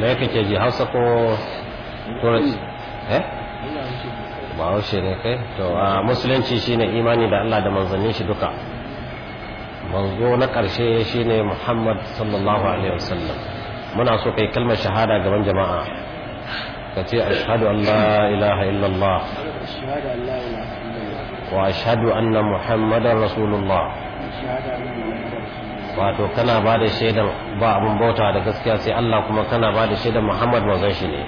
me kake ji hausa ko turanci eh bahaushe ne kai to a musulunci shine imani da Allah da manzannin shi duka manzo na karshe shine Muhammad sallallahu alaihi wasallam muna so kai kalmar shahada gaban jama'a ka ce ashhadu an la ilaha illallah wa ashhadu anna muhammadan rasulullah wato kana ba da shaida ba abin bauta da gaskiya sai Allah kuma kana ba da shaida Muhammad manzon shi ne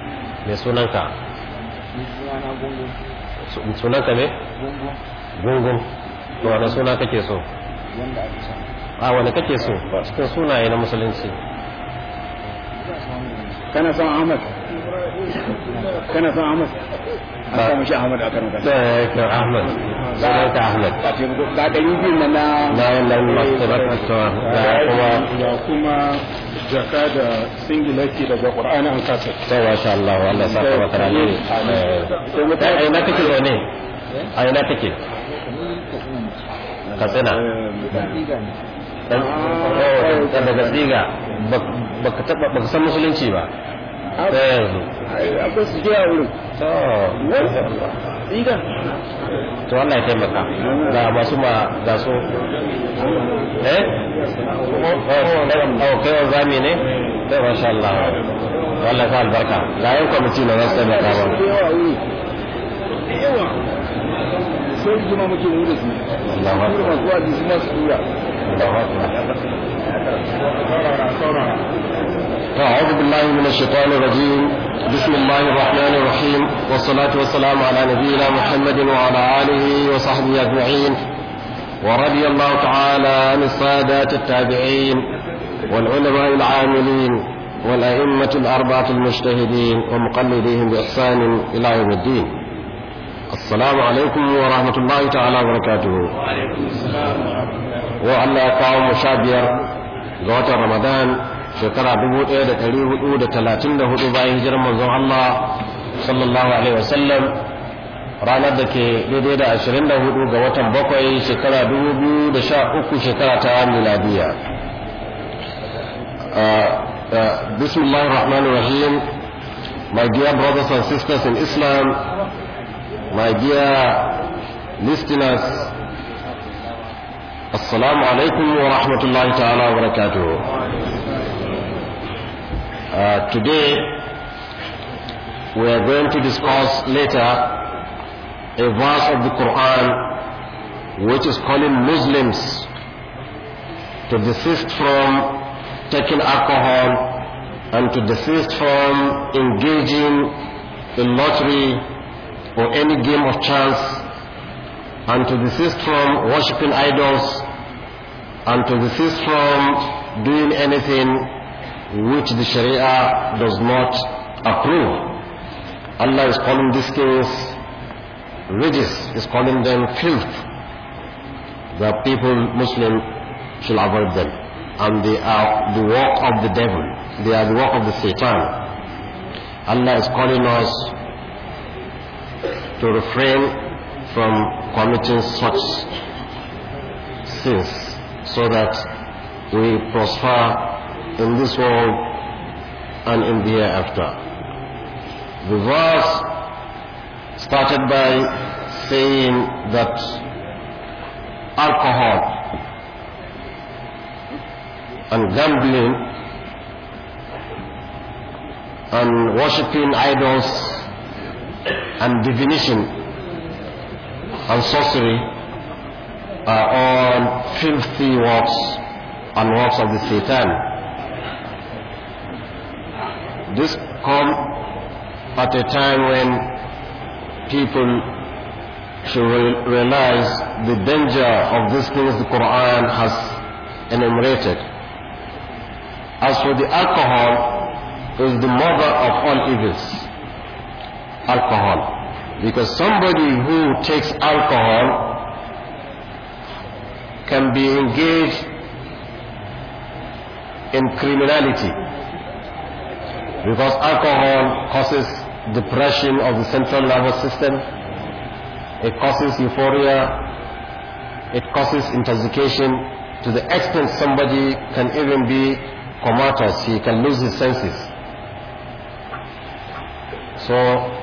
mai sunanka sunanka me gungun to wani suna kake so a wani kake so cikin sunaye na musulunci kana son Ahmad kana son Ahmad an samu shi eh, Ahmad a da ya Ahmad ka Ahmad ce ga ɗari biyu na na na kuma kuma jaka da daga an kasa sai wa sha Allah Allah sa ka rani a ina a ina katsina dan ah. daga tsiga san musulunci ba sai akwai su jiya wurin to Allah ya taimaka ga masu ma ga su eh oh kai zami ne to masha Allah wallahi albarka ga yan kwamiti na zasu taimaka ba سيدنا da jima muke mu da su su أعوذ بالله من الشيطان الرجيم بسم الله الرحمن الرحيم والصلاة والسلام على نبينا محمد وعلى آله وصحبه أجمعين ورضي الله تعالى عن السادات التابعين والعلماء العاملين والأئمة الأربعة المجتهدين ومقلديهم بإحسان إلى يوم الدين Salamu alaikum wa rahmatullahi ta'ala wa Allah ya kawo mu sha biyar ga watan ramadan shekara dubu ɗaya da ɗari hudu da talatin da hudu bayan hijirar manzon Allah sallallahu alaihi wasallam ranar da ke daidai da ashirin da hudu ga watan bakwai shekara dubu biyu da sha uku shekara ta miladiya bismillahir rahman rahim my dear brothers and sisters in islam My dear listeners, Assalamu alaikum wa rahmatullahi ta'ala wa barakatuh. Uh, today, we are going to discuss later a verse of the Quran which is calling Muslims to desist from taking alcohol and to desist from engaging in lottery or any game of chance and to desist from worshipping idols and to desist from doing anything which the Sharia does not approve. Allah is calling these things ridges, is calling them filth. The people, Muslim, should avoid them. And they are the work of the devil. They are the work of the Satan. Allah is calling us to refrain from committing such sins so that we prosper in this world and in the hereafter. The verse started by saying that alcohol and gambling and worshipping idols and divination and sorcery are all filthy works and works of the Satan. This come at a time when people should realize the danger of these things the Quran has enumerated. As for the alcohol, is the mother of all evils alcohol. Because somebody who takes alcohol can be engaged in criminality. Because alcohol causes depression of the central nervous system, it causes euphoria, it causes intoxication to the extent somebody can even be comatose, he can lose his senses. So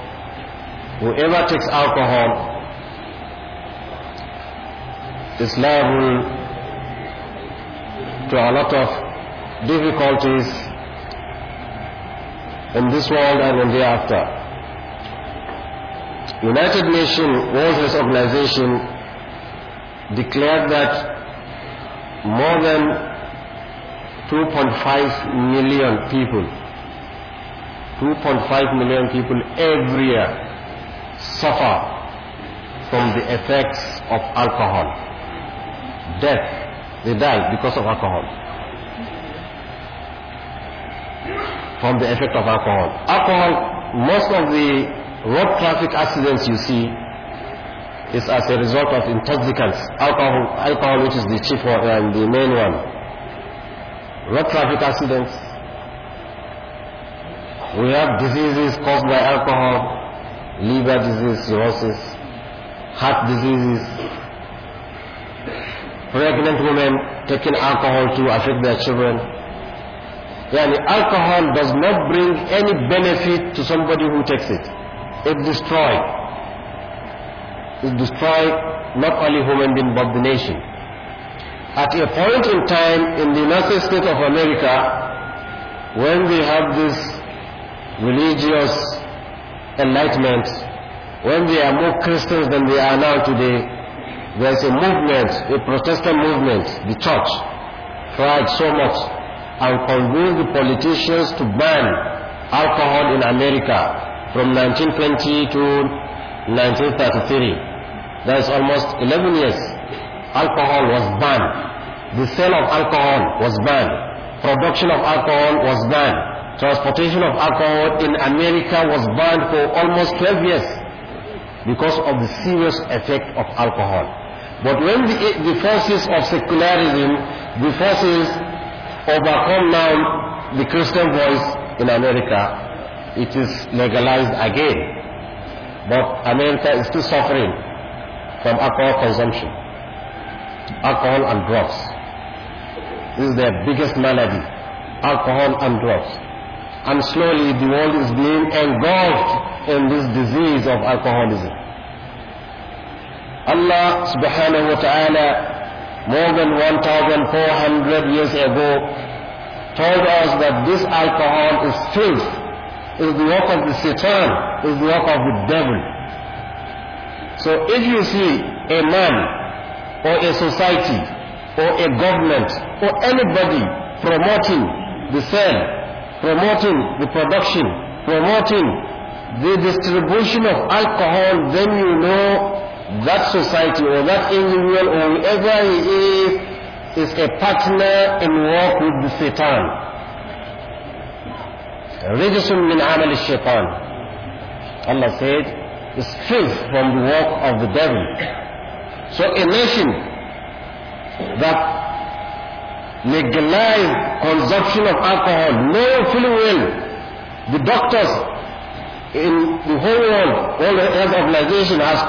Whoever takes alcohol is liable to a lot of difficulties in this world and in the after. United Nations World Health Organization declared that more than 2.5 million people, 2.5 million people every year suffer from the effects of alcohol. Death, they die because of alcohol. From the effect of alcohol. Alcohol, most of the road traffic accidents you see is as a result of intoxicants. Alcohol, alcohol which is the chief one and the main one. Road traffic accidents. We have diseases caused by alcohol liver disease, cirrhosis, heart diseases. Pregnant women taking alcohol to affect their children. Yani alcohol does not bring any benefit to somebody who takes it. It destroys. It destroys not only human being but the nation. At a point in time in the United States of America, when we have this religious enlightenment, when they are more Christians than they are now today, there's a movement, a Protestant movement, the church tried so much and convinced the politicians to ban alcohol in America from 1920 to 1933. That's almost 11 years. Alcohol was banned. The sale of alcohol was banned. Production of alcohol was banned transportation of alcohol in America was banned for almost 12 years because of the serious effect of alcohol. But when the, the forces of secularism, the forces overcome now the Christian voice in America, it is legalized again. But America is still suffering from alcohol consumption, alcohol and drugs. This is their biggest malady, alcohol and drugs. and slowly the world is being engulfed in this disease of alcoholism. Allah subhanahu wa ta'ala more than 1400 years ago told us that this alcohol is filth, is the work of the Satan, is the work of the devil. So if you see a man or a society or a government or anybody promoting the sale promoting the production, promoting the distribution of alcohol, then you know that society or that individual or whoever he is, is a partner in work with the Satan. رجس من عمل Allah said is filth from the work of the devil so a nation that legalized consumption of alcohol, knowing fully well the doctors in the whole world, World Health Organization has,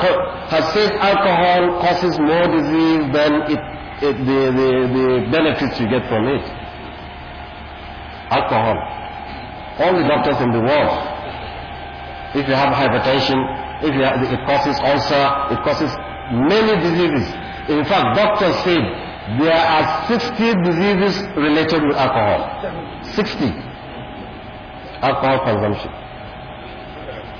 has said alcohol causes more disease than it, it, the, the, the benefits you get from it. Alcohol. All the doctors in the world. If you have hypertension, if you have, it causes ulcer, it causes many diseases. In fact, doctors said there are 60 diseases related with alcohol. 60. Alcohol consumption.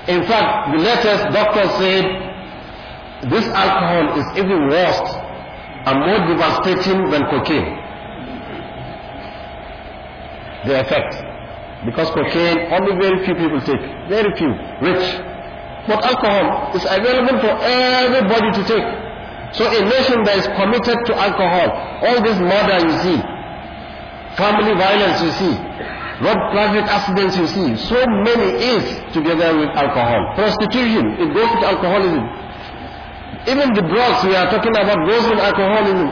In fact, the latest doctor said this alcohol is even worse and more devastating than cocaine. The effect. Because cocaine, only very few people take. Very few. Rich. But alcohol is available for everybody to take. So a nation that is committed to alcohol, all this murder you see, family violence you see, road traffic accidents you see, so many is together with alcohol. Prostitution, it goes with alcoholism. Even the drugs we are talking about goes with alcoholism.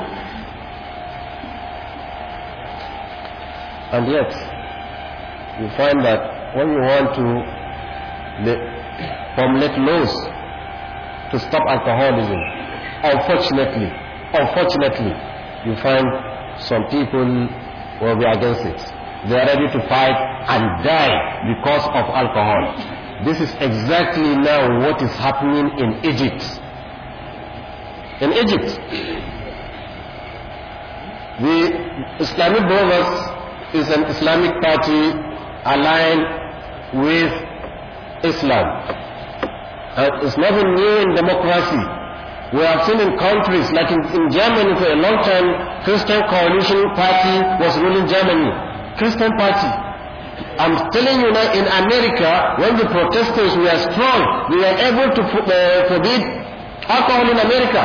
And yet, you find that when you want to formulate laws to stop alcoholism, Unfortunately, unfortunately, you find some people will be against it. They are ready to fight and die because of alcohol. This is exactly now what is happening in Egypt. In Egypt, the Islamic Brothers is an Islamic party aligned with Islam. And it's nothing new in democracy. We have seen in countries like in, in Germany for a long time, Christian Coalition Party was ruling Germany. Christian Party. I'm telling you now, in America, when the protesters were strong, we were able to uh, forbid alcohol in America.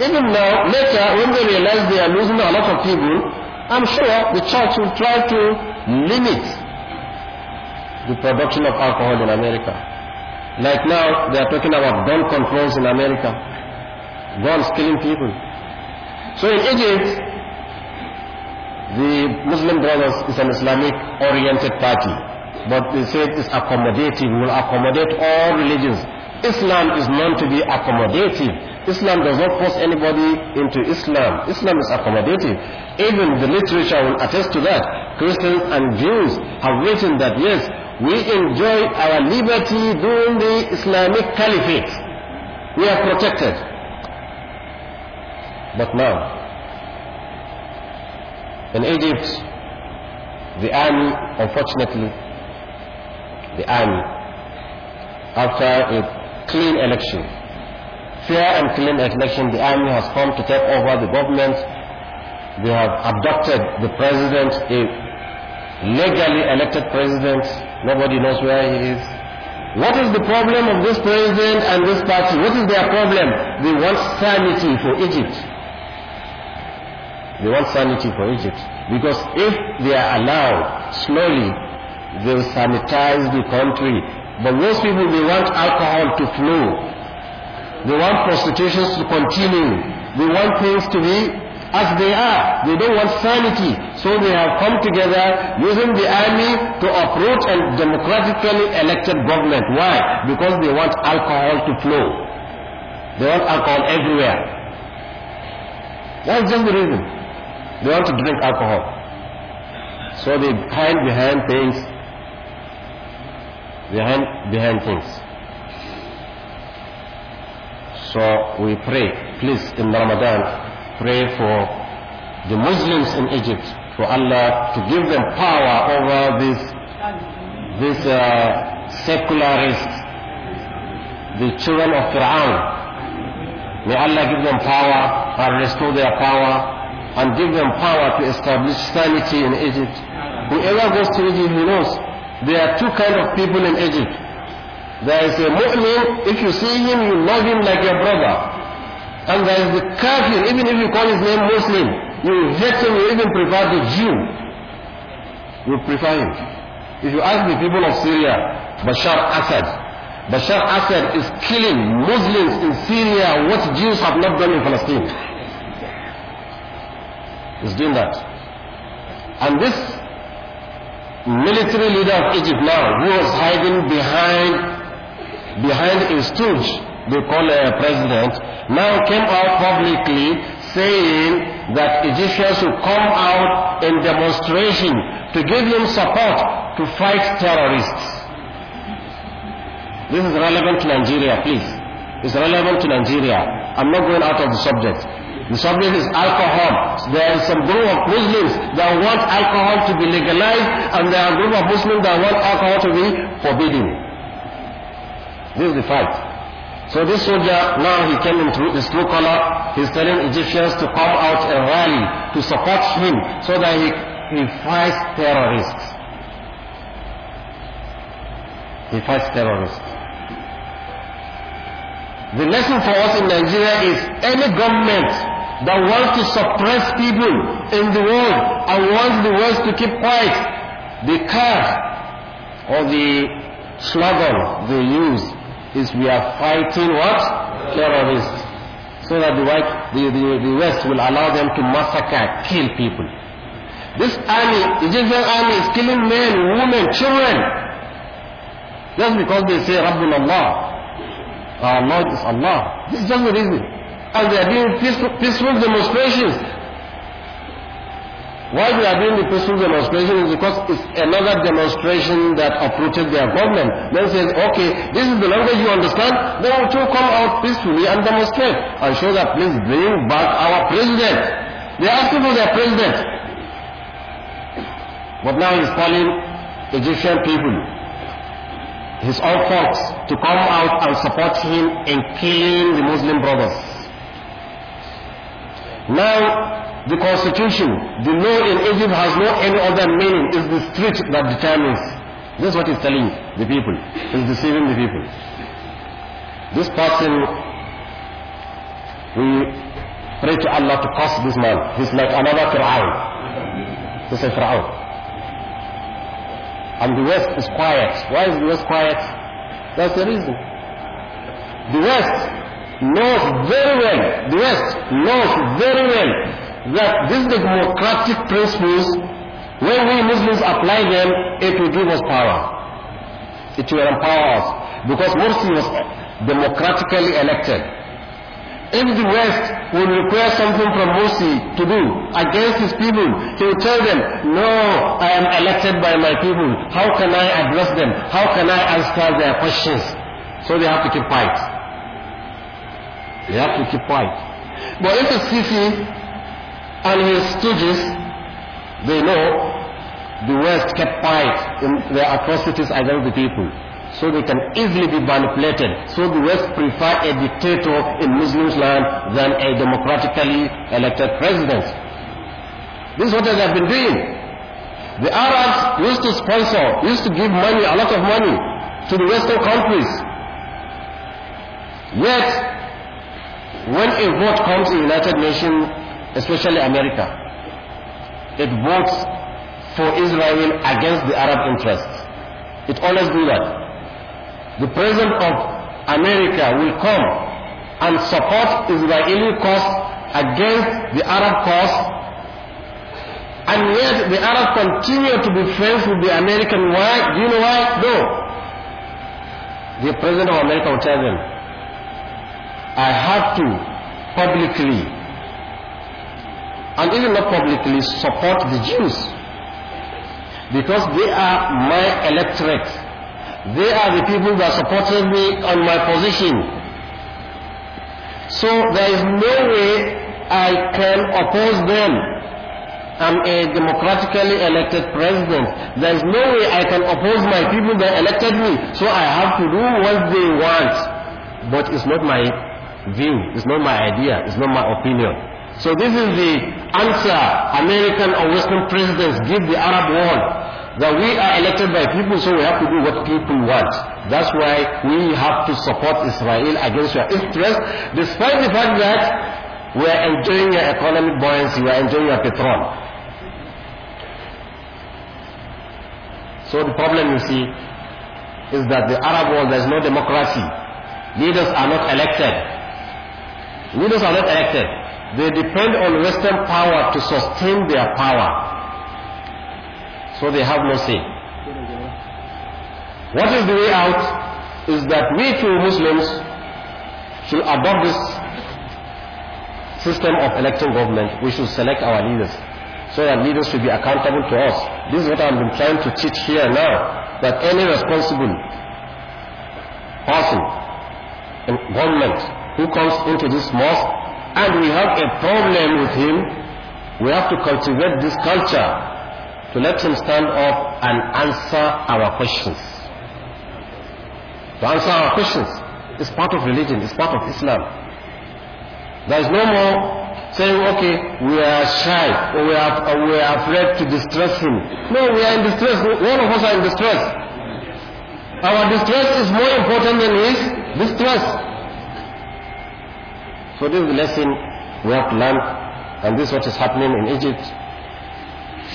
Even now, later, when they realize they are losing a lot of people, I'm sure the church will try to limit the production of alcohol in America. Like now, they are talking about gun controls in America. Guns killing people. So in Egypt, the Muslim Brothers is an Islamic-oriented party. But they say it's accommodative, we will accommodate all religions. Islam is known to be accommodative. Islam does not force anybody into Islam. Islam is accommodative. Even the literature will attest to that. Christians and Jews have written that, yes, we enjoy our liberty during the Islamic Caliphate. We are protected. But now, in Egypt, the army, unfortunately, the army, after a clean election, fair and clean election, the army has come to take over the government. They have abducted the president, a legally elected president, Nobody knows where he is. What is the problem of this president and this party? What is their problem? They want sanity for Egypt. They want sanity for Egypt. Because if they are allowed, slowly, they will sanitize the country. But those people, they want alcohol to flow. They want prostitutions to continue. They want things to be as they are. They don't want sanity. So they have come together using the army to uproot a democratically elected government. Why? Because they want alcohol to flow. They want alcohol everywhere. That's just the reason. They want to drink alcohol. So they hide behind things. Behind, behind things. So we pray, please, in Ramadan, pray for the Muslims in Egypt, for Allah to give them power over this, this uh, secularist, the children of Fir'aun. May Allah give them power and restore their power and give them power to establish sanity in Egypt. Whoever goes to Egypt, he knows there are two kind of people in Egypt. There is a Muslim, if you see him, you love him like your brother. And there is the kafir, even if you call his name Muslim, you hate him, you even prefer the Jew. You prefer him. If you ask the people of Syria, Bashar Assad, Bashar Assad is killing Muslims in Syria what Jews have not done in Palestine. He's doing that. And this military leader of Egypt now, who was hiding behind behind a stooge they call a president, now came out publicly saying that Egyptians should come out in demonstration to give him support to fight terrorists. This is relevant to Nigeria, please. It's relevant to Nigeria. I'm not going out of the subject. The subject is alcohol. There is some group of Muslims that want alcohol to be legalized, and there are a group of Muslims that want alcohol to be forbidden. This is the fight. So this soldier, now he came into his true color. He's telling Egyptians to come out and rally to support him so that he, he fights terrorists. He fights terrorists. The lesson for us in Nigeria is any government that wants to suppress people in the world and wants the world to keep quiet, the car or the slogan they use is we are fighting what? Terrorists. So that the, white, the, the, the West will allow them to massacre, kill people. This army, Egyptian army is killing men, women, children. Just because they say Rabbul Allah. Our Lord is Allah. This is just the reason. And they are doing peaceful, peaceful demonstrations. Why we are doing the peaceful demonstration is because it's another demonstration that uprooted their government. Then says, okay, this is the language you understand, then we too come out peacefully and demonstrate and show that please bring back our president. They are asking for their president. But now he's calling Egyptian people, his own folks, to come out and support him in killing the Muslim brothers. Now, the constitution, the law in Egypt has no any other meaning. It's the street that determines. This is what he's telling the people. He's deceiving the people. This person, we pray to Allah to curse this man. He's like another Fir'aun. He's a Fir'aun. And the West is quiet. Why is the West quiet? That's the reason. The West knows very well. The West knows very well that these democratic principles, when we Muslims apply them, it will give us power. It will empower us. Because Morsi was democratically elected. If the West will require something from Morsi to do against his people, he will tell them, no, I am elected by my people. How can I address them? How can I answer their questions? So they have to keep quiet. They have to keep quiet. But if the Sisi and his stooges, they know the West kept quiet in their atrocities against the people. So they can easily be manipulated. So the West prefer a dictator in Muslims land than a democratically elected president. This is what they have been doing. The Arabs used to sponsor, used to give money, a lot of money to the Western countries. Yet, when a vote comes in the United Nations, especially America, it votes for Israel against the Arab interests. It always do that. The president of America will come and support Israeli cause against the Arab cause and yet the Arab continue to be friends with the American. Why? Do you know why? No. The president of America will tell them, I have to publicly and even not publicly support the Jews because they are my electorate. They are the people that supported me on my position. So there is no way I can oppose them. I'm a democratically elected president. There is no way I can oppose my people that elected me. So I have to do what they want. But it's not my view, it's not my idea, it's not my opinion. So this is the answer American or Western presidents give the Arab world that we are elected by people, so we have to do what people want. That's why we have to support Israel against your interest, despite the fact that we are enjoying your economic buoyancy, we are enjoying your petrol. So the problem, you see, is that the Arab world, there is no democracy. Leaders are not elected. Leaders are not elected. They depend on Western power to sustain their power. So they have no say. What is the way out? Is that we too Muslims should adopt this system of electing government. We should select our leaders. So that leaders should be accountable to us. This is what I've been trying to teach here now. That any responsible person in government who comes into this mosque and we have a problem with him, we have to cultivate this culture to let him stand up and answer our questions. To answer our questions is part of religion, is part of Islam. There is no more saying, okay, we are shy or we are, or we are afraid to distress him. No, we are in distress. All of us are in distress. Our distress is more important than his distress. So this is the lesson we have to learn, and this is what is happening in Egypt.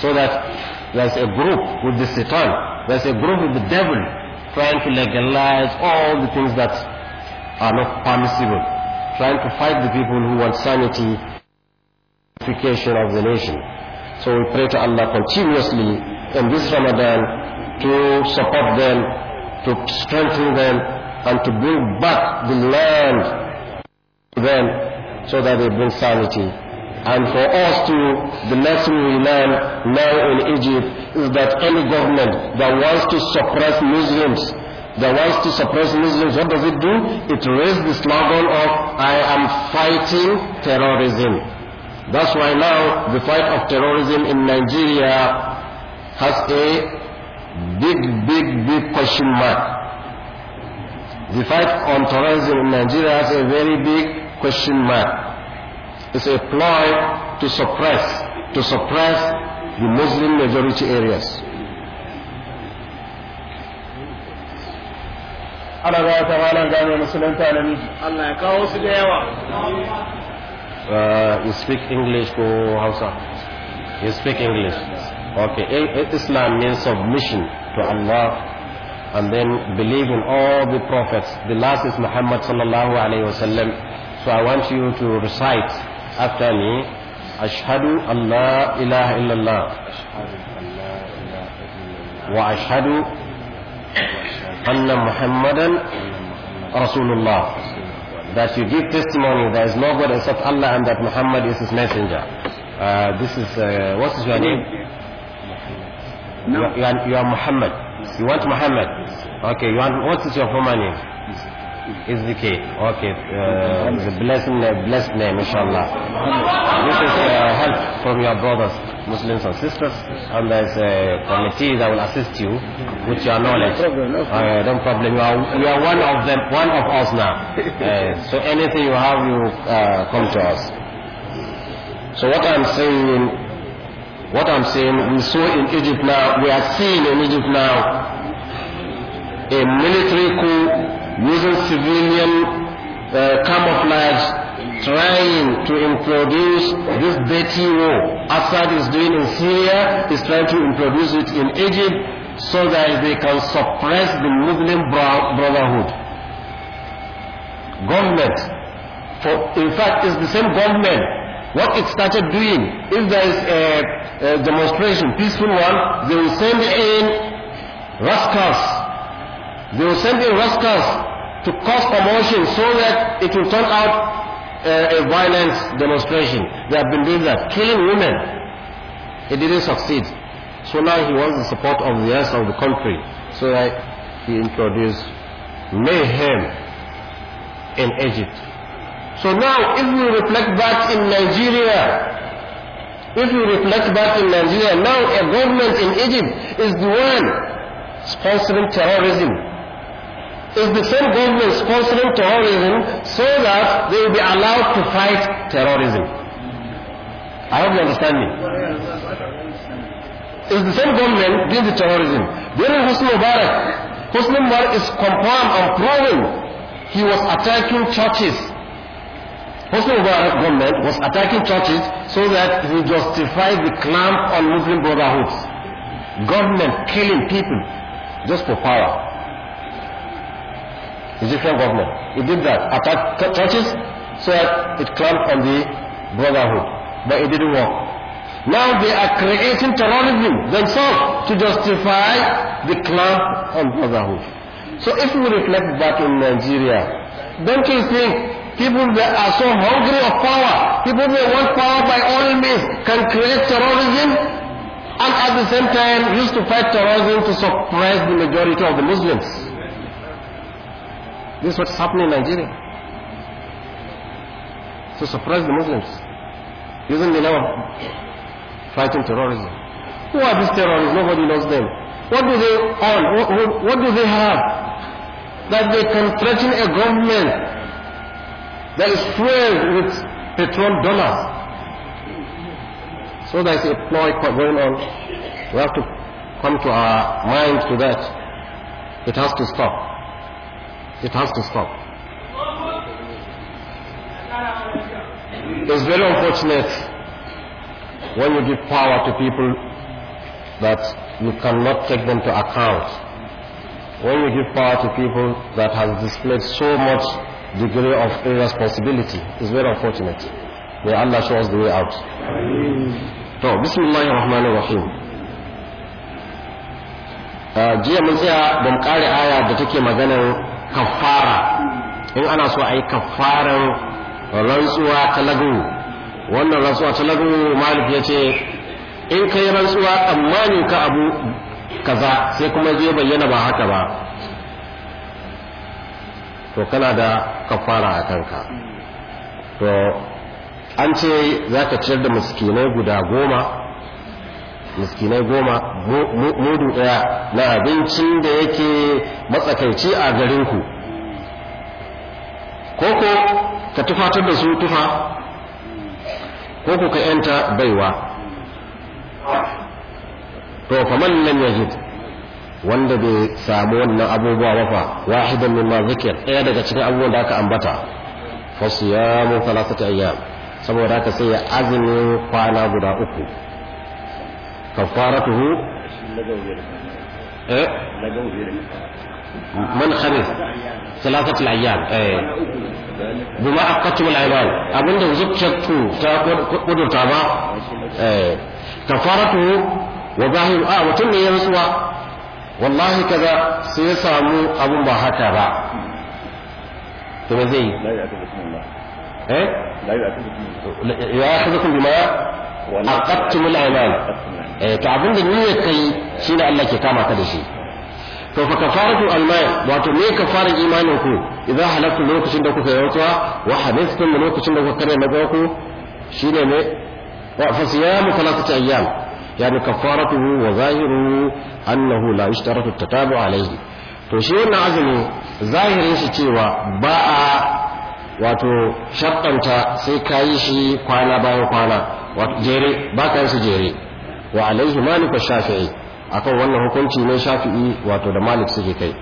So that there's a group with the Satan, there's a group with the devil trying to legalize all the things that are not permissible, trying to fight the people who want sanity, purification of the nation. So we pray to Allah continuously in this Ramadan to support them, to strengthen them, and to bring back the land them so that they bring sanity. And for us too, the lesson we learn now in Egypt is that any government that wants to suppress Muslims, that wants to suppress Muslims, what does it do? It raises the slogan of, I am fighting terrorism. That's why now the fight of terrorism in Nigeria has a big, big, big question mark. The fight on terrorism in Nigeria has a very big question mark. It's a ploy to suppress, to suppress the Muslim majority areas. Allah ya kawo su da yawa you speak English ko Hausa you speak English okay Islam means submission to Allah and then believe in all the prophets the last is Muhammad sallallahu alaihi wasallam so I want you to recite after me, Ashhadu Allah ilaha illallah. Wa ashhadu anna Muhammadan Rasulullah. That you give testimony there is no God except Allah and that Muhammad is his messenger. Uh, this is, uh, what is your name? No. You, are, you, are, Muhammad. You want Muhammad? Okay, you want, what is your former name? is the K. Okay, uh, the blessed name, blessed name, inshallah. This is uh, help from your brothers, Muslims and sisters, and there's a committee that will assist you with your knowledge. No problem, no problem. Uh, problem. You are, you are one of them, one of us now. Uh, so anything you have, you uh, come to us. So what I'm saying, what I'm saying, we saw in Egypt now, we are seeing in Egypt now a military coup using civilian uh, camouflage, trying to introduce this dirty war Assad is doing in Syria, is trying to introduce it in Egypt so that they can suppress the Muslim Brotherhood. Government, for, in fact, it's the same government what it started doing, if there is a, a, demonstration, peaceful one, they will send in rascals they will send rascals to cause commotion so that it will turn out a, uh, a violent demonstration. They have been doing that, killing women. It didn't succeed. So now he wants the support of the rest of the country. So that he introduced mayhem in Egypt. So now, if we reflect back in Nigeria, if you reflect back in Nigeria, now a government in Egypt is the one sponsoring terrorism is the same government sponsoring terrorism so that they will be allowed to fight terrorism. I hope you understand me. Is the same government doing the terrorism. During Hosni Mubarak, Hosni Mubarak is confirmed and proven he was attacking churches. Hosni Mubarak government was attacking churches so that he justified the clamp on Muslim Brotherhoods. Government killing people just for power. Egyptian government. It did that. Attacked churches so that it clamped on the brotherhood. But it didn't work. Now they are creating terrorism themselves to justify the clamp on brotherhood. So if we reflect that in Nigeria, don't you think People that are so hungry of power, people that want power by all means, can create terrorism and at the same time used to fight terrorism to suppress the majority of the Muslims. This is what's happening in Nigeria. So surprise the Muslims. Isn't they now fighting terrorism? Who are these terrorists? Nobody knows them. What do they own? what, what do they have? That they can threaten a government that is filled with petrol dollars. So there's a ploy going on. We have to come to our mind to that. It has to stop. It has to stop. It's very unfortunate when you give power to people that you cannot take them to account. When you give power to people that have displayed so much degree of irresponsibility, it's very unfortunate. May Allah show us the way out. To, bismillahir rahmanir rahim. Uh, jiya mun tsaya kare aya da take maganar kaffara in ana so a yi kaffaran rantsuwa ta lagu wannan rantsuwa ta lagu malik ya ce in ka yi rantsuwa tsammanin ka abu kaza sai kuma zai bayyana ba haka ba to kana da kafara a kanka to an ce za ka ciyar da muskinai guda goma miskinai goma mudu ɗaya na abincin da yake matsakaici a garinku koko ka tufatar da su tufa koko ka yanta baiwa to faman lam yajid wanda bai samu wannan abubuwa ba fa wahidan mimma zikir ɗaya daga cikin abubuwan da aka ambata fasiyamu siyamu ayyam saboda haka sai ya azumin kwana guda uku كفارته إيه؟ من خميس ثلاثة الأيام إيه. بما أقتم العباد أبن ده زبت شكو قدر تابا إيه. كفارته وباهي آه وتم ينسوى والله كذا سيسامو أبو مباها هكا كما زي لا يأخذكم الله إيه؟ لا يأخذكم بما عقدتم العباد Eh, to abin da niyyar kai shine Allah ke kama ka da shi to fa kafaratu almai wato me kafaran imanin ku idan halaktu lokacin da kuka yautsuwa wa hadithun lokacin da kuka kare maza ku shine ne wa fa siyamu thalathati ayyam yani kafaratuhu wa zahiruhu annahu la yushtaratu tatabu alayhi to shi wannan azumi zahirin shi cewa ba a wato shaddanta sai kayi shi kwana bayan kwana wato jere ba ka su jere wa alaihi malik shafi'i akan wannan hukunci ne shafi'i wato da malik suke kai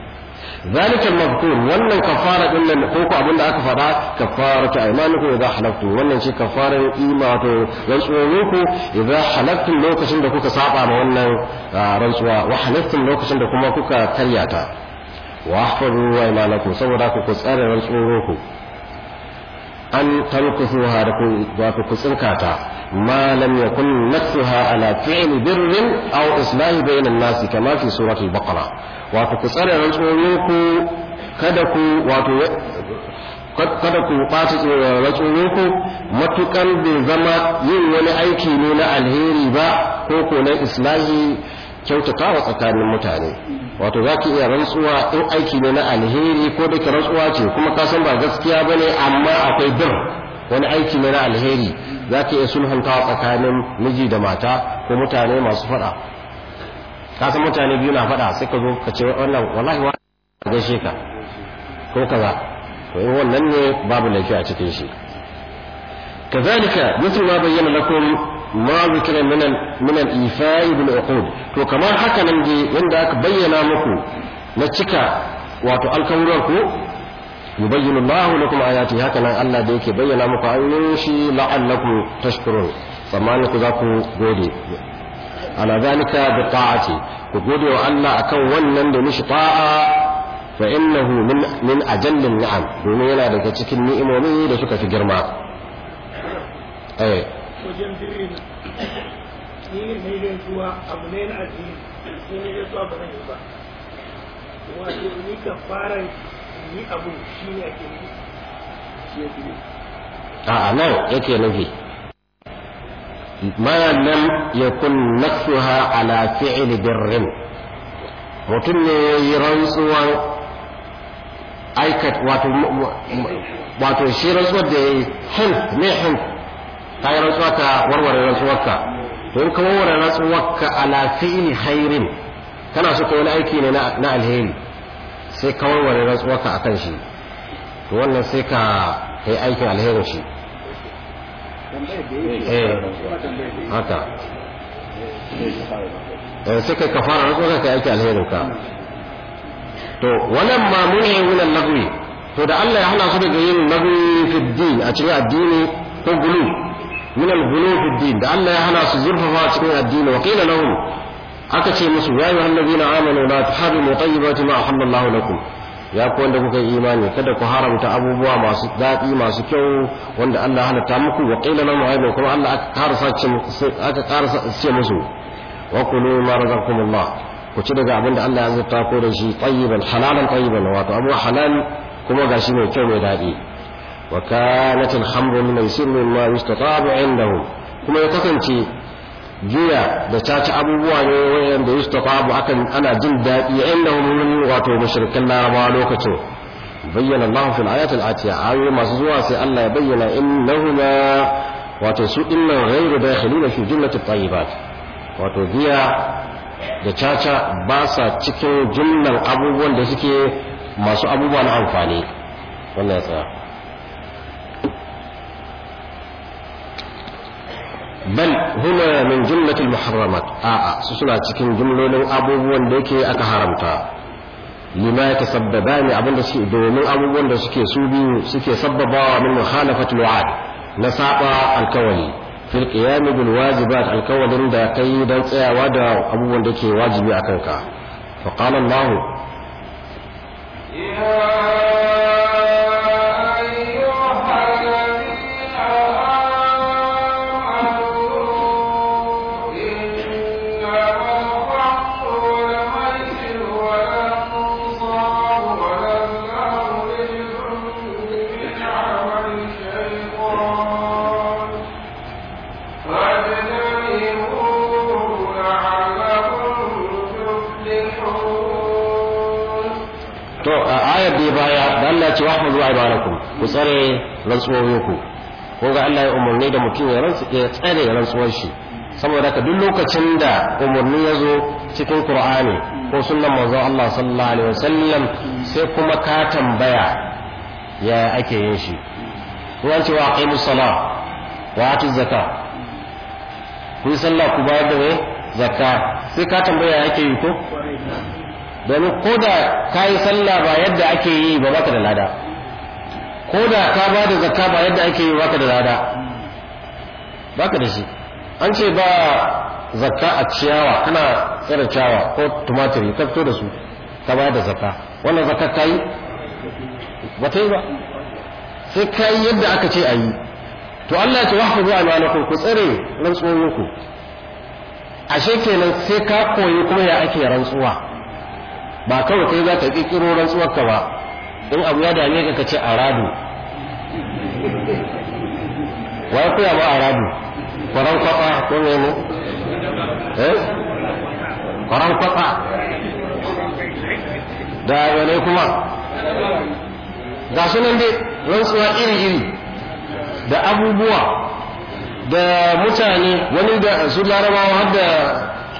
zalikan mabtun wannan kafara din nan ko ko abinda aka faɗa kafara ta aymanukum idan halaftu wannan ce kafaran ima to rantsuwa ku idan halaftum lokacin da kuka saba ma wannan ah, rantsuwa wa halaftum lokacin da kuma kuka karya ta wa ahfazu aymanakum saboda ku ku tsare rantsuwa ku an tarkuhu har ku ku tsinka ta ما لم يكن نفسها على فعل بر أو إصلاح بين الناس كما في سورة البقرة وتكسر رسولك كدك kada ku ɓata ku matukan bai zama yin wani aiki ne na alheri ba ko ko na islahi wa tsakanin mutane wato za ki iya rantsuwa in aiki ne na alheri ko da ki rantsuwa ce kuma ka san ba gaskiya ba ne amma akwai bir wani aiki ne na alheri za ka iya sulhuntawa tsakanin miji da mata ko mutane masu faɗa ka san mutane biyu na faɗa sai ka zo ka ce wannan wallahi wa gaishe ka ko kaza to in wannan ne babu laifi a cikin shi kazalika ma bayyana بين لكم ما ذكر minan من الايفاء بالعقود to kamar haka nan dai yanda aka bayyana muku na cika wato alkawuran yubayyinu Allahu lakum ayati haka nan Allah da yake bayyana muku ayoyin shi la'allakum tashkurun tsammanin ku za ku gode ala zalika bi ta'ati ku gode wa Allah akan wannan da mishi ta'a fa innahu min min ajallin ni'am domin yana daga cikin ni'imomi da suka fi girma eh wajen ni ne zuwa abu ne na addini ni ne zuwa ba ne ba wato ni ka yi abu shi ne ake nufi shi ya ne a'a nan yake nufi ما لم يكن نقصها على mutum ne ya yi rantsuwan aikat wato shi rantsuwa da ya yi hin ne hin ta yi rantsuwa ta warware rantsuwarka to in ka warware rantsuwarka ala fi'li khairin kana so ka wani aiki ne na alheri sai ka warware rantsuwarka a kan shi to wannan sai ka yi aikin alherin shi eh, eh, sai kai ka fara rantsuwa ka aiki alherin ka to wannan ma muni wunan lagwi to da Allah ya hana su daga yin lagwi fi din a cikin addini ko gulu min al-ghulu fi din da Allah ya hana su zurfafa cikin addini wa qila lahum aka ce musu ya yi na amanu la tuharrimu tayyibati ma ahallallahu lakum ya ku wanda kuka yi imani kada ku haramta abubuwa masu daɗi masu kyau wanda Allah halatta muku wa ƙila na ayyuhum kuma Allah aka karasa ce ce musu wa kulu ma razaqakumullah ku ci daga abinda Allah ya zata ko da shi tayyiban halalan tayyiban wato abu halal kuma gashi mai kyau mai daɗi wa kanat al sirrin min maisir mimma da kuma ya kasance giya da caci abubuwa ne wayanda yustaqabu akan ana jin daɗi innahum min wato mushrikan laraba lokacin bayyana Allah fil ayati al atiya ayoyi masu zuwa sai Allah ya bayyana innahuma wato su dinnan ghairu dakhiluna fi jumlatit tayyibat wato giya da caca ba sa cikin jumlar abubuwan da suke masu abubuwa na amfani wannan ya tsaya bal huna min jumlatil muharramat a'a su suna cikin jumlolin abubuwan da yake aka haramta lima ya tasabbaba ne abinda suke domin abubuwan da suke su suke sabbabawa min mukhalafat lu'ad na saba alkawali fil qiyam bil wajibat alkawalin da kai don tsayawa da abubuwan da ke wajibi akan ka fa hafzu aymanakum ku tsare rantsuwoyin ku kun ga Allah ya umarni da mutum ya rantsu ya tsare rantsuwar shi saboda ka duk lokacin da umarni ya zo cikin Qur'ani ko sunnan manzon Allah sallallahu alaihi wasallam sai kuma ka tambaya ya ake yin shi ce wa aqimus salat wa atu zakat ku sallah ku bayar da zakka sai ka tambaya ake yi ko domin ko da ka yi sallah ba yadda ake yi ba baka da lada ko da ka ba da zakka ba yadda ake yi baka da lada baka da shi an ce ba zakka a ciyawa kana tsira ciyawa ko tumatir ka fito da su ka ba da zakka wannan zakka ka yi ba ta yi ba sai ka yi yadda aka ce a yi to Allah ya ce wahu zuwa ku tsare rantsuwoyinku ashe kenan sai ka koyi kuma ya ake rantsuwa ba kawai kai za ka ƙirƙiro ka ba in abu ya dame ka ka a aradu wa ya ba a aradu kwaran kwatsa ko nemo eh kwaran kwatsa da yane kuma ga sunan dai rantsuwa iri-iri da abubuwa da mutane wani da su larabawa har da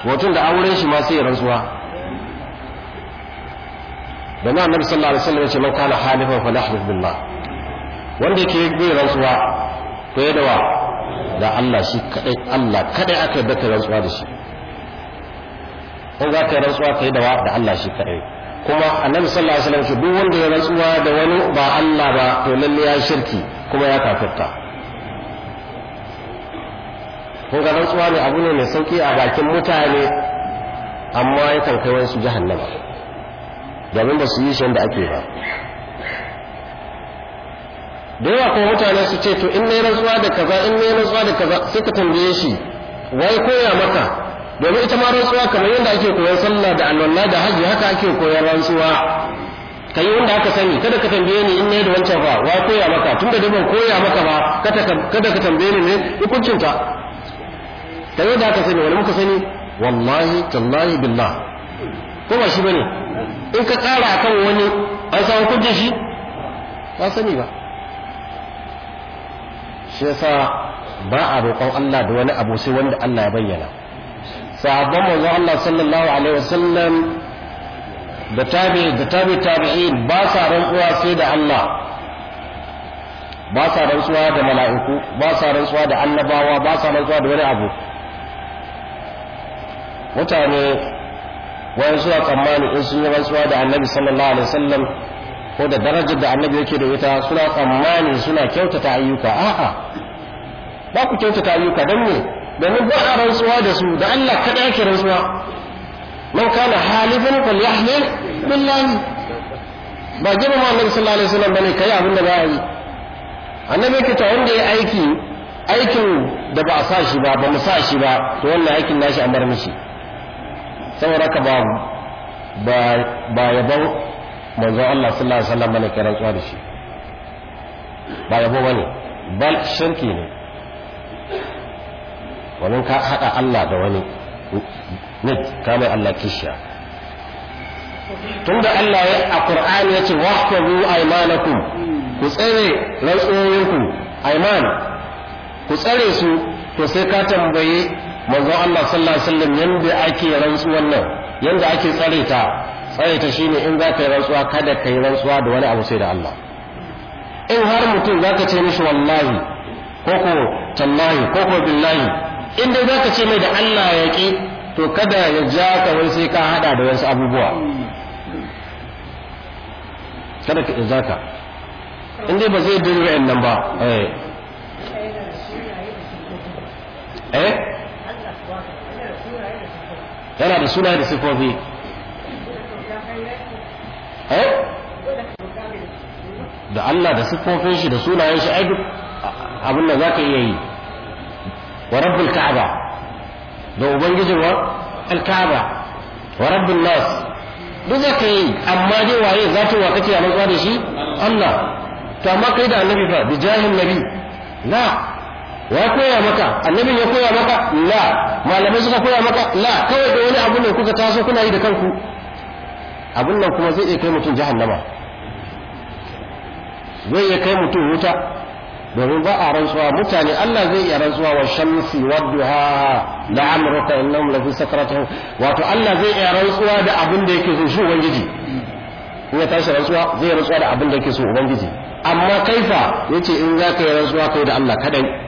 hoton da auren shi ma yi rantsuwa domin annabi sallallahu alaihi wasallam yace halifa kana halifan falyahlif billah wanda yake yi rantsuwa to ya dawa da Allah shi kadai Allah kadai aka da ka rantsuwa da shi kun za ka rantsuwa ka yi dawa da Allah shi kadai kuma annabi sallallahu alaihi wasallam duk wanda ya rantsuwa da wani ba Allah ba to lalle ya shirki kuma ya kafirta kun ga rantsuwa ne abu ne mai sauki a bakin mutane amma yakan kai wasu jahannama domin ba su yi shi da ake ba da yawa kuma mutane su ce to in na rantsuwa da kaza in na rantsuwa da kaza sai ka tambaye shi wai koya maka domin ita ma rantsuwa kamar yadda ake koyon sallah da alwala da haji haka ake koyon rantsuwa ka yi wanda aka sani kada ka tambaye ni in na da wancan ba wai koya maka tun da ban koya maka ba kada ka tambaye ni ne hukuncinta ta wanda aka sani wani muka sani wallahi tallahi billah ko ba shi bane in ka tsara akan wani an san hujjar shi ba sani ba shi yasa ba a roƙon Allah da wani abu sai wanda Allah ya bayyana sahabban manzon Allah sallallahu alaihi wasallam da tabi da tabi tabi'i ba sa rantsuwa sai da Allah ba sa rantsuwa da mala'iku ba sa rantsuwa da annabawa ba sa rantsuwa da wani abu mutane wani suna tsammani in sun yi rantsuwa da annabi sallallahu alaihi wasallam ko da darajar da annabi yake da ita suna tsammani suna kyautata ayyuka a'a ba ku kyautata ayyuka don me domin ba a rantsuwa da su da Allah kaɗai ake rantsuwa man kana halifin falyahlil billahi ba girma annabi sallallahu alaihi wasallam bane kai abin da ba yi annabi yake ta wanda ya aiki aikin da ba a sa shi ba ba mu sa shi ba to wannan aikin nashi a bar mishi saboda ka ba ba yabon manzo Allah sallallahu alaihi wasallam ne kiran tsuwa da shi ba yabo bane bal shirki ne wannan ka haɗa Allah da wani ne ka mai Allah kishiya tunda Allah ya a Qur'ani yace wahfazu aymanakum ku tsare rantsoyinku ayman ku tsare su to sai ka tambaye manzo Allah sallallahu alaihi wasallam yanda ake rantsuwan nan yanda ake tsare ta tsare ta shine in za ka yi rantsuwa kada ka yi rantsuwa da wani abu sai da Allah in har mutum za ka ce mishi wallahi ko ko tallahi ko ko billahi in dai za ka ce mai da Allah ya yake to kada ya ja ka wai sai ka hada da wasu abubuwa kada ka zaka in dai ba zai dinga nan ba eh eh yana da suna da sifofi eh? da Allah da sifofin shi da sunayen shi ai duk abin da zaka iya yi wa rabbul ka'aba da ubangijin wa al-ka'aba wa rabbul nas duk zaka yi amma dai waye zata wa kace a da shi Allah to amma kai da annabi fa bi jahil nabi la ya koya maka annabin ya koya maka la malamai suka koya maka la kawai da wani abun da kuka taso kuna yi da kanku abun nan kuma zai iya kai mutum jahannama zai iya kai mutum wuta domin ba a rantsuwa mutane Allah zai iya rantsuwa wa shamsi wa duha da amurka innam fi sakratuhu wato Allah zai iya rantsuwa da abin da yake so shi ubangiji in ya tashi rantsuwa zai rantsuwa da abin da yake so ubangiji amma kaifa yace in za yi rantsuwa kai da Allah kadai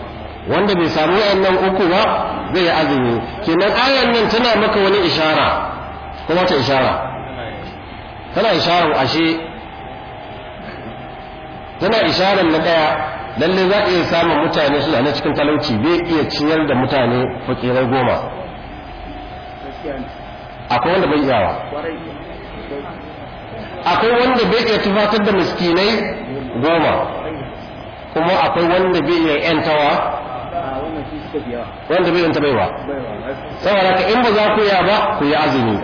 wanda bai samu nan uku ba zai yi azumi kenan ayan nan tana maka wani ishara ko wata ishara tana isharar ashe tana isharar na daya lalle za iya samun mutane suna na cikin talauci bai iya ciyar da mutane fakirai goma akwai wanda bai iyawa akwai wanda bai iya tufatar da miskinai goma kuma akwai wanda bai iya yantawa wanda bai wanta baiwa saboda ka in ba za ku ya ba ku yi azumi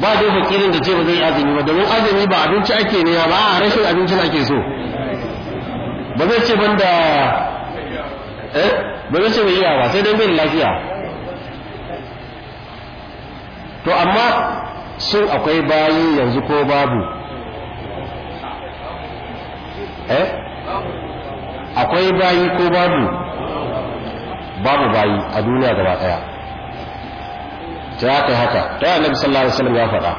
ba dai fakirin da ce ba zai yi azumi ba domin azumi ba abinci ake nema ba a rashin abincin ake so ba zai ce da eh ba zai ce bai iya ba sai dai bai lafiya to amma sun akwai bayi yanzu ko babu eh akwai bayi ko babu babu bayi a duniya gaba daya ta haka ta annabi sallallahu alaihi wasallam ya faɗa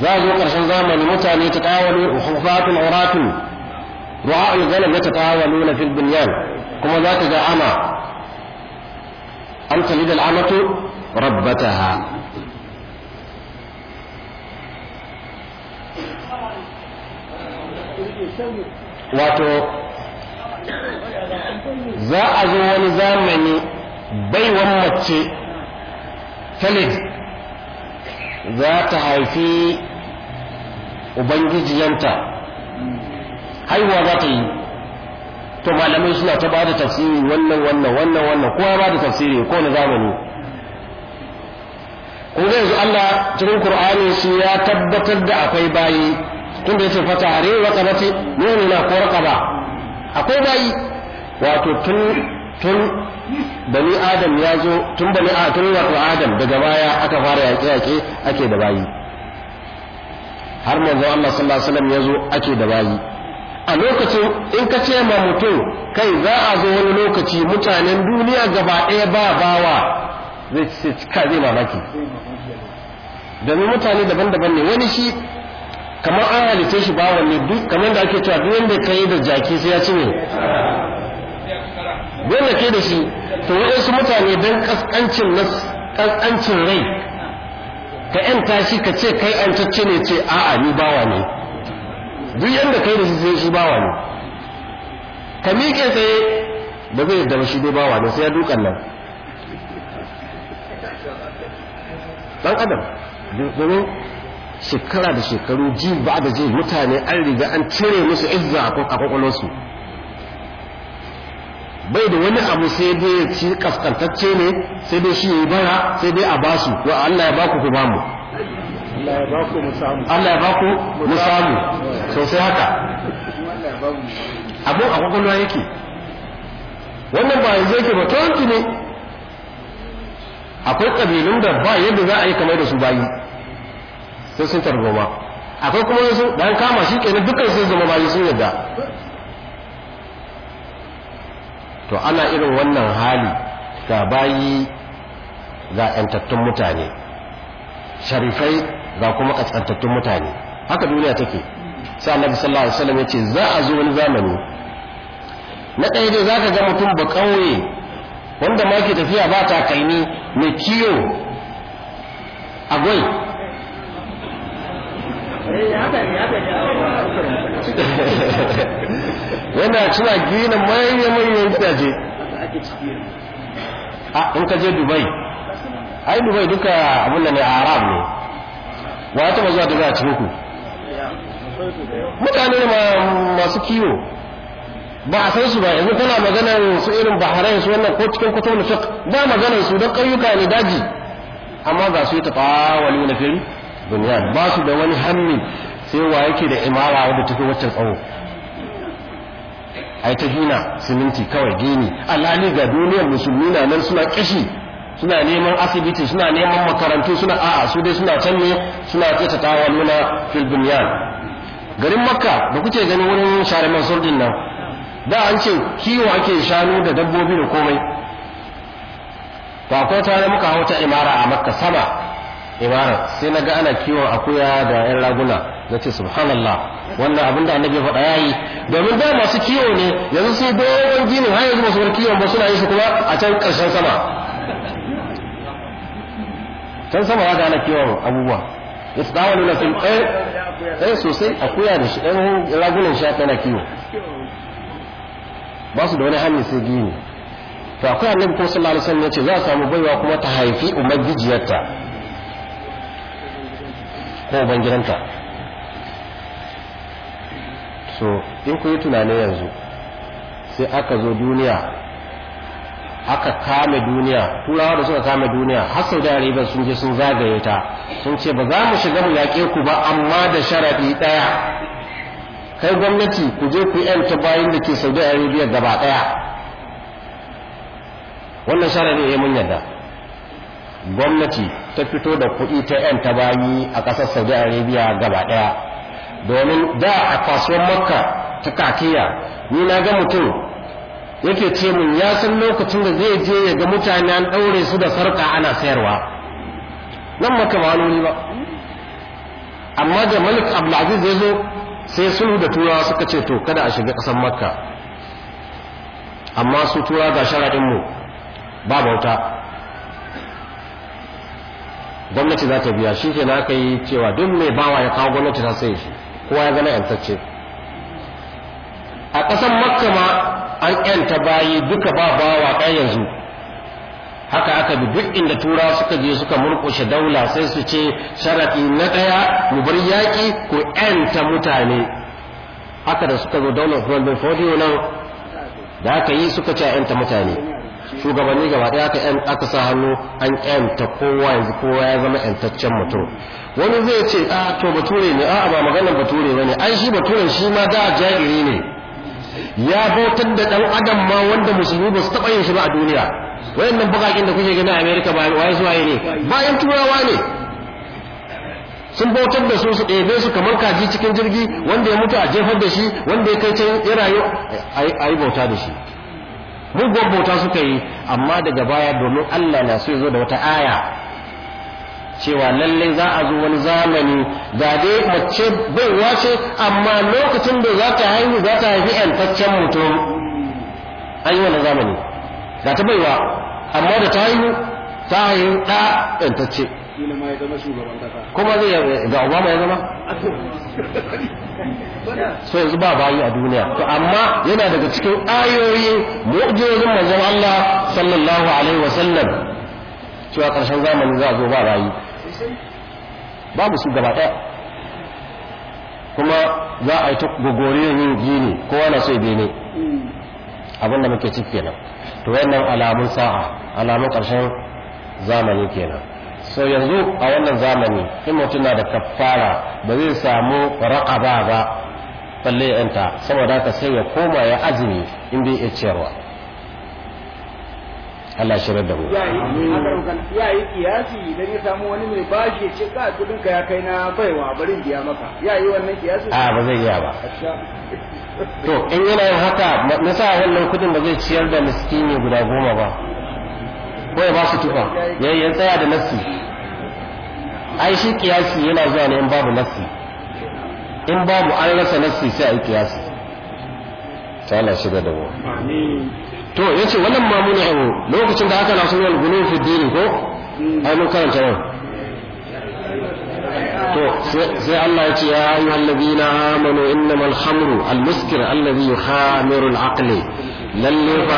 za a zo ƙarshen zamani mutane ta kawalu hufatun auratun ru'a'ul ghalab ta kawalu na fil bunyan kuma za ta ga ama an talidal amatu rabbataha wato za a zo wani zamani baiwan mace talib za ta haifi ubangijiyanta haihuwa za ta yi to malamai suna ta da tafsiri wannan wannan wannan wannan kowa da tafsiri ko na zamani ko zai yanzu Allah cikin Qur'ani shi ya tabbatar da akwai bayi tunda yace fata are wa qabati na ko akwai bayi wato tun tun bani adam ya zo tun bani tun wato adam daga baya aka fara yaƙe yaƙe ake da bayi har manzo Allah sallallahu alaihi wasallam ya zo ake da bayi a lokacin in ka ce ma mutum kai za a zo wani lokaci mutanen duniya gaba ɗaya ba bawa zai ce ka zai mamaki domin mutane daban-daban ne wani shi kamar an halitta shi ba wanne duk kamar da ake cewa duk wanda kai da jaki sai ya ci ne dole ke da shi to waɗansu mutane don kaskancin kaskancin rai ka yan tashi ka ce kai an cacce ne ce a'a ni bawa ne duk yanda kai da shi sai shi bawa ne ka miƙe tsaye da zai yadda shi dai bawa ne sai ya dukan nan dan adam domin shekara da shekaru ji ba da ji mutane an riga an cire musu izza a kwakwalonsu bai da wani abu sai dai ci kaskantacce ne sai dai shi yi bara sai dai a basu wa Allah ya baku ku bamu Allah ya baku mu samu Allah ya baku mu samu sosai haka abin a kwakwalwa yake wannan ba yanzu yake ba tonki ne akwai kabilun da ba yadda za a yi kamar da su bayi sai sun targoma akwai kuma wasu da an kama shi kenan dukkan sun zama bayi sun yadda to ana irin wannan hali ga bayi ga yantattun mutane sharifai ga kuma kaskantattun mutane haka duniya take sai annabi sallallahu alaihi wasallam yace za a zo wani zamani na ɗaya dai zaka ga mutum ba kauye wanda ma ke tafiya ba ta kaini mai kiyo agwai yana suna gina manya-manyan gidaje a in ka je dubai ai dubai duka abin da a arab ne ba ta mazuwa zuwa daga a cikin ku mutane masu kiwo ba a san su ba yanzu tana maganar su irin baharai su wannan ko cikin kwatar da ba maganar su don ƙauyuka ne daji amma ga su yi tafawa wani na fili duniya ba su da wani hannun sai wa yake da imara wadda tafi wacce tsawo ai ta gina siminti kawai gini alhali ga duniyar musulmi na nan suna kishi suna neman asibiti suna neman makarantu suna a'a su dai suna can ne suna ta tawa nuna fil bunyan garin makka da kuke ganin wurin share mansur din nan da an ce kiwo ake shanu da dabbobi da komai ba akwai tare muka hau ta imara a makka sama ibarar sai na ga ana kiwon akuya da yan raguna na ce subhanallah wannan abin da annabi ya faɗa yayi domin da masu kiwo ne yanzu sai dogon gini har yanzu masu kiwon ba suna yi su kuma a can ƙarshen sama can sama za ka ana kiwon abubuwa ya su ɗawa nuna sun ɗaya eh, eh, sosai akuya da ɗan ragunan shi na kiwo ba su da wani hannun sai gini to akwai annabi ko sallallahu alaihi wasallam ya ce za a samu baiwa kuma ta haifi umar gijiyarta na ubangidanta so in ku yi tunani yanzu sai aka zo duniya aka kame duniya turawa da suka kame duniya har sau da ribar sun je sun zagaye ta sun ce ba za mu shiga mu yaƙe ku ba amma da sharaɗi ɗaya kai gwamnati ku je ku yi ta bayan da ke saudi da gaba ɗaya wannan sharaɗi ya eh mun yarda. gwamnati ta fito da kuɗi ta 'yan ta bayi a ƙasar saudi arabia gaba ɗaya domin da a kasuwar makka ta kakiya ni na ga mutum yake ce mun ya san lokacin da zai je ya ga mutane an ɗaure su da sarƙa ana sayarwa nan maka ba ba amma da malik abdulaziz ya zo sai sulhu da turawa suka ce to kada a shiga ƙasar makka amma su tura ga sharaɗin ba bauta gwamnati za ta biya shi ke na aka yi cewa duk mai bawa ya kawo gwamnati ta sai shi kowa ya zama yantacce a ƙasar makka ma an yanta bayi duka ba bawa ɗan yanzu haka aka bi duk inda tura suka je suka murƙushe daula sai su ce sharaɗi na ɗaya mu bar yaƙi ku yanta mutane haka da suka zo daular Usman nan da aka yi suka ce yanta mutane shugabanni gaba ɗaya aka yan aka sa hannu an yanta kowa yanzu kowa ya zama yantaccen mutum wani zai ce a to bature ne a ba maganar bature ba ne ai shi bature shi ma da jahili ne ya bautar da dan adam ma wanda musulmi ba su taɓa yin shi ba a duniya wayannan bukakin da kuke gani a america ba wai su waye ne bayan turawa ne sun bautar da su su ɗebe su kamar kaji cikin jirgi wanda ya mutu a jefar da shi wanda ya kai can ya rayu a yi bauta da shi muguwar bauta suka yi amma daga baya domin Allah na so zo da wata aya cewa lallai za a zo wani zamani da dai mace baiwa ce amma lokacin da za ta haihu za ta haifi yantaccen mutum an yi wani zamani ga ta baiwa amma da ta haihu ta haihu ɗa yantacce kila ma ya zama shugaban kasa kuma zai ga obama ya zama so yanzu ba bayi a duniya to amma yana daga cikin ayoyin mu'jizojin manzon Allah sallallahu alaihi wasallam cewa karshen zamani za a zo ba bayi babu su gaba ɗaya kuma za a yi ta gogoriyar yin gini kowa na so bene abin da muke ciki kenan to wannan alamun sa'a alamun karshen zamani kenan so yanzu a wannan zamani in mutum na da kafara ba zai samu raƙaba ba balle yanta saboda ka sai ya koma ya azumi in bai iya ciyarwa Allah shirar da mu ya yi kiyasi idan ya samu wani mai bashi ce ka kudin ka ya kai na baiwa barin biya maka ya yi wannan kiyasi a ba zai iya ba to in yana yin haka na sa wannan kudin ba zai ciyar da miskini guda goma ba ko ya ba su tufa ya tsaya da nasi ai shi kiyasi yana zuwa ne in babu nassi in babu an rasa nassi sai ai kiyasi ta Allah shiga da mu to yace wannan mamuni abu lokacin da aka nasu wal gulu fi dini ko ai mun karanta yau to sai Allah ya ce ya ayyuhal ladina amanu innamal khamru al muskir alladhi yukhamiru al aqli lalle fa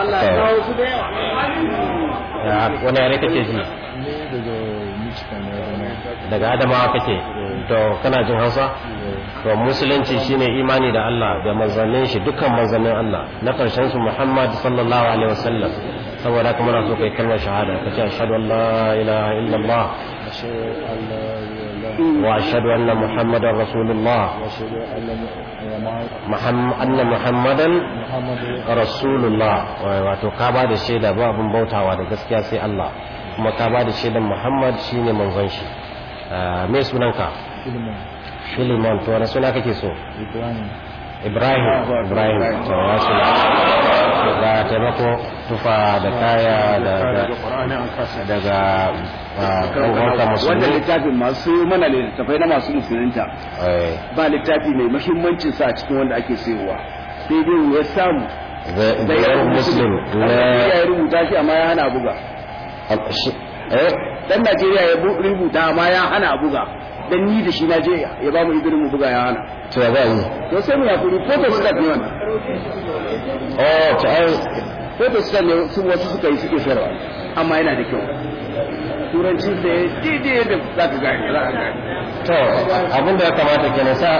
Allah ya kawo su da yawa wani ne kake ji daga adamawa kake eh. to kana jin hausa eh. to musulunci shine imani da Allah da manzannin shi dukkan manzannin Allah na karshen su Muhammad sallallahu alaihi wasallam saboda kuma na so kai kalmar shahada kace ashhadu an la ilaha illallah وأشهد أن محمدا رسول الله أن محمدا رسول الله وتقابل الشيء ده باب بوتا وده gaskiya sai allah. kuma ka ba da shaidan muhammad shine manzon shi ah, me sunanka filimon to wani suna kake so ibrahim ibrahim ah, to ya suna ga taimako tufa da kaya daga ƙanƙanta ah, musulmi wanda littafin masu mana tafai na masu musulunta eh. ba littafi mai mahimmancin sa a cikin wanda ake sayowa sai dai ya samu da ya muslim ya rubuta shi amma ya hana buga eh dan Najeriya ya rubuta ma ya hana buga dan ni da shi na je ya ba mu izinin mu buga ya hana to ya ba yi to sai mu ya kuri photo stat ne wannan oh to ai photo stat ne su wasu suka yi suke sharwa amma yana da kyau turanci da ya daidai da za ka gani za ka gani to abin da ya kamata kenan sa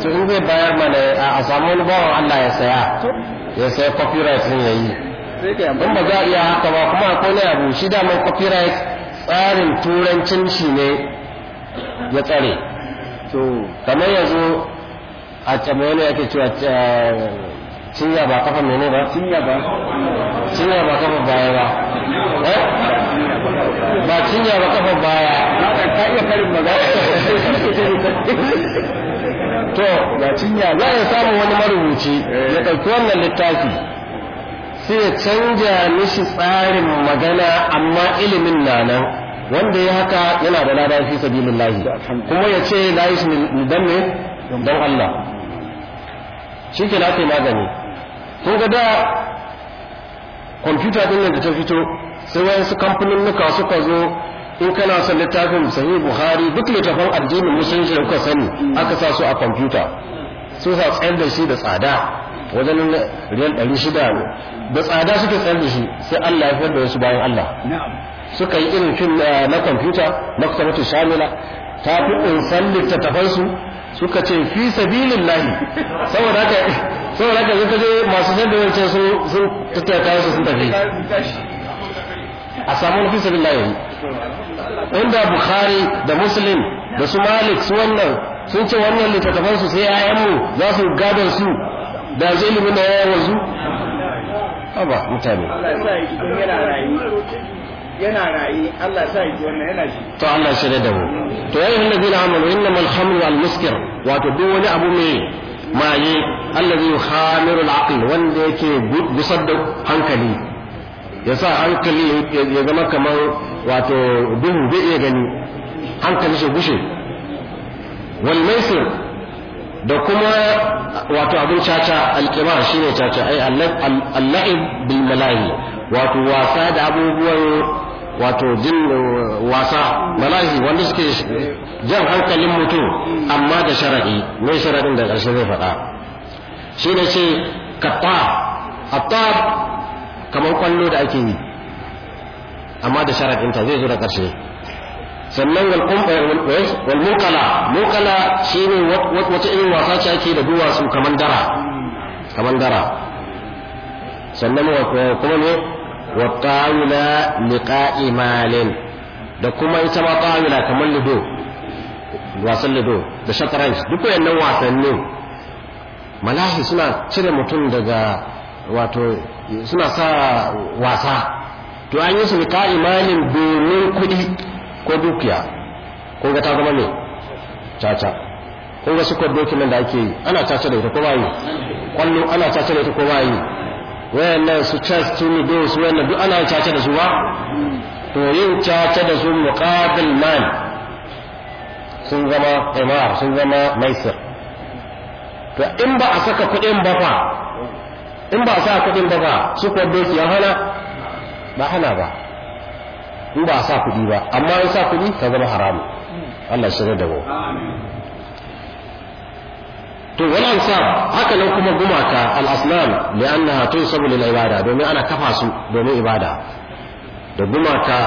to in zai bayar mana a samu wani bawan Allah ya saya ya saya copyright din yayi in ba za a iya haka ba kuma akwai na abu shi daman copyright tsarin turancin shi ne ya tsare to kamar yanzu a tsammanin yake cewa eh, cinya ba kafa mene ba cinya ba cinya ba kafa baya ba eh? ba cinya ba kafa baya ka iya karin magana to ba cinya za a samu wani marubuci ya ɗauki wannan littafi sai ya canja mishi tsarin magana amma ilimin na nan wanda ya haka yana da ladan fi sabilillahi kuma ya ce la yusmin dan ne don Allah shi ke lafi magani kun ga da kwamfuta din da ta fito sai wayansu kamfanin nuka suka zo in kana son littafin sahih buhari duk littafin addinin musulunci da kuka sani aka sa su a kwamfuta su sa tsayar da shi da tsada wajen riyal ɗari shida ne. da tsada suke tsayar da shi sai Allah ya fitar da wasu bayan Allah suka yi irin fim eh, na kwamfuta na kusuratu shamila ta fi insan littattafansu suka ce fi sabilin lahi saboda haka saboda haka zai je masu san da wancan sun tattaka su sun tafi a samu fi sabilin lahi inda bukhari da muslim da su malik su wannan sun ce wannan littattafansu sai 'ya'yanmu za su gadon su da zai yi muna yawa zu ba mutane Allah sa yi yana rayu Allah sa yi wannan yana shi to Allah shi da mu to ya ayyuhal ladina amanu innamal wato duk wani abu mai maye Allah zai al aql wanda yake gusar da hankali ya sa hankali ya zama kamar wato duhu zai iya gani hankali shi gushe wal maisir da kuma wato abin caca alkima shi ne caca ai alla'ib bil malahi wato wasa da abubuwan wato jin wasa malahi wanda suke jan hankalin mutum amma da shara'i mai sharaɗin da ƙarshe zai faɗa shi ne ce katta hatta kamar kwallo da ake yi amma da ta zai zo da ƙarshe sannan wal mukala shi ne wata irin wasa ce ake da duwatsu kaman dara dara sannan kuma ne wa ta'ila liqa'i malin da kuma ita ma ta'ila kamar lido wasan lido da shataranj duk wayannan wasannin malahi suna cire mutum daga wato suna sa wasa to an yi su liƙa'i malin domin kuɗi ko dukiya ko ga ta zama ne caca ko ga sukar dokin nan da ake yi ana caca da ita ko ba yi kwallo ana caca da ita ko ba yi nan su chess su ludo su wayannan duk ana caca da su ba to yin caca da su muqabil man sun zama imar sun zama maisir to in ba a saka kuɗin ba fa in ba a saka kuɗin ba fa sukar dokin ya hana ba hana ba in ba a sa kuɗi ba amma an sa kuɗi ta zama haramu Allah shirya da mu to wal sa haka nan kuma gumaka al asnam li'annaha tunsabu lil ibada domin ana kafa su domin ibada da gumaka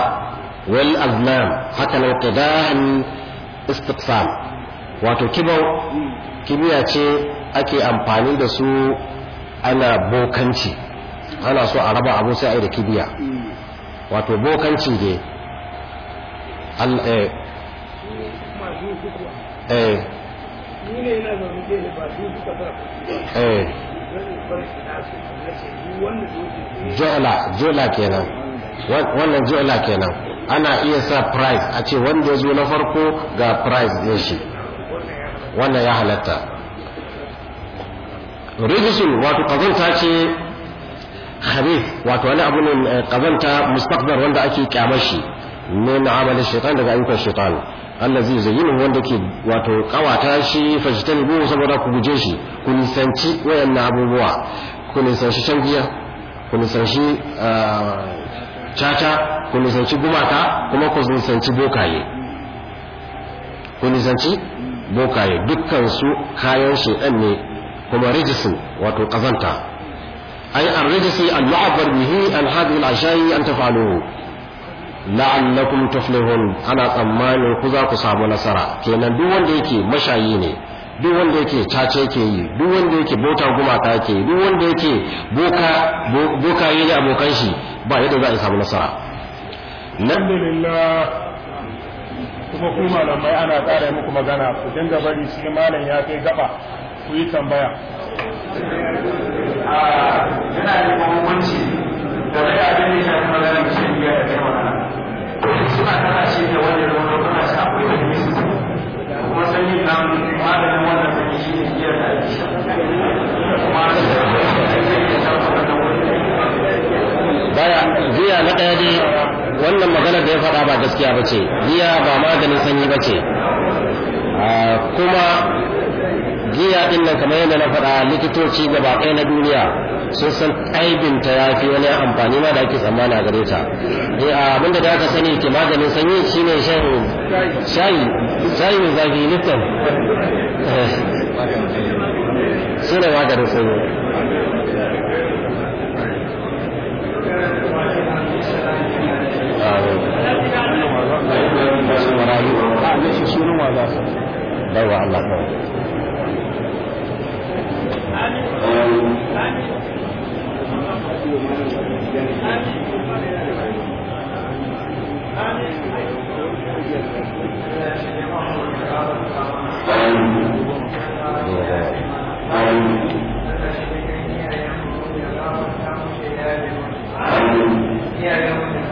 wal azlam haka nan qada'an istiqsal wato kibau kibiya ce ake amfani da su ana bokanci ana so a raba abu sai a yi da kibiya wato bokanci ne eh. Eh. Eh. jola kenan wannan jola kenan ana iya sa price a ce wanda ya zo na farko ga price din shi wannan ya halatta rigisun wato kazanta ce khabith wato wani abu ne kazanta eh, mustaqbal wanda ake kyamar shi na amalin shaitan daga ayyukan shaitan Allah zai zayyinu wanda ke wato kawata shi fajitan go saboda ku guje shi ku nisanci wayannan abubuwa ku nisanci shan giya ku nisanci ah, caca ku nisanci gumaka kuma ku nisanci bokaye ku nisanci bokaye dukkan su kayan shaitan ne kuma rijisin wato kazanta أي الرجس المعبر به عن هذه العشاء أن تفعلوه لعلكم tuflihun ana tsammanin ku za ku samu nasara kenan duk wanda yake mashayi ne duk wanda yake cace ke yi duk wanda yake bota gumata ke yi duk wanda yake boka abokan shi ba yadda za a samu nasara alhamdulillah kuma ku malamai ana tsara muku magana ku dinga bari sai malam ya kai gaba ku yi tambaya yana da bambanci da abin da shafi da suna kana shi da wanda da wanda shi akwai da nisa kuma sanyi maganin wannan sanyi shi ne da ake sha kuma shi da maganar baya giya na ɗaya dai wannan magana da ya faɗa ba gaskiya ba ce giya ba maganin sanyi ba ce kuma giya din nan kamar yadda na faɗa likitoci gaba ɗaya na duniya sun san aibin ta ya fi wani amfani ma da ake tsammana gare ta eh, abin da aka sani ki maganin sanyi shine shan shayi shayi mai zafi lifton eh, sune maganin sanyi Allah kawai. Yeah.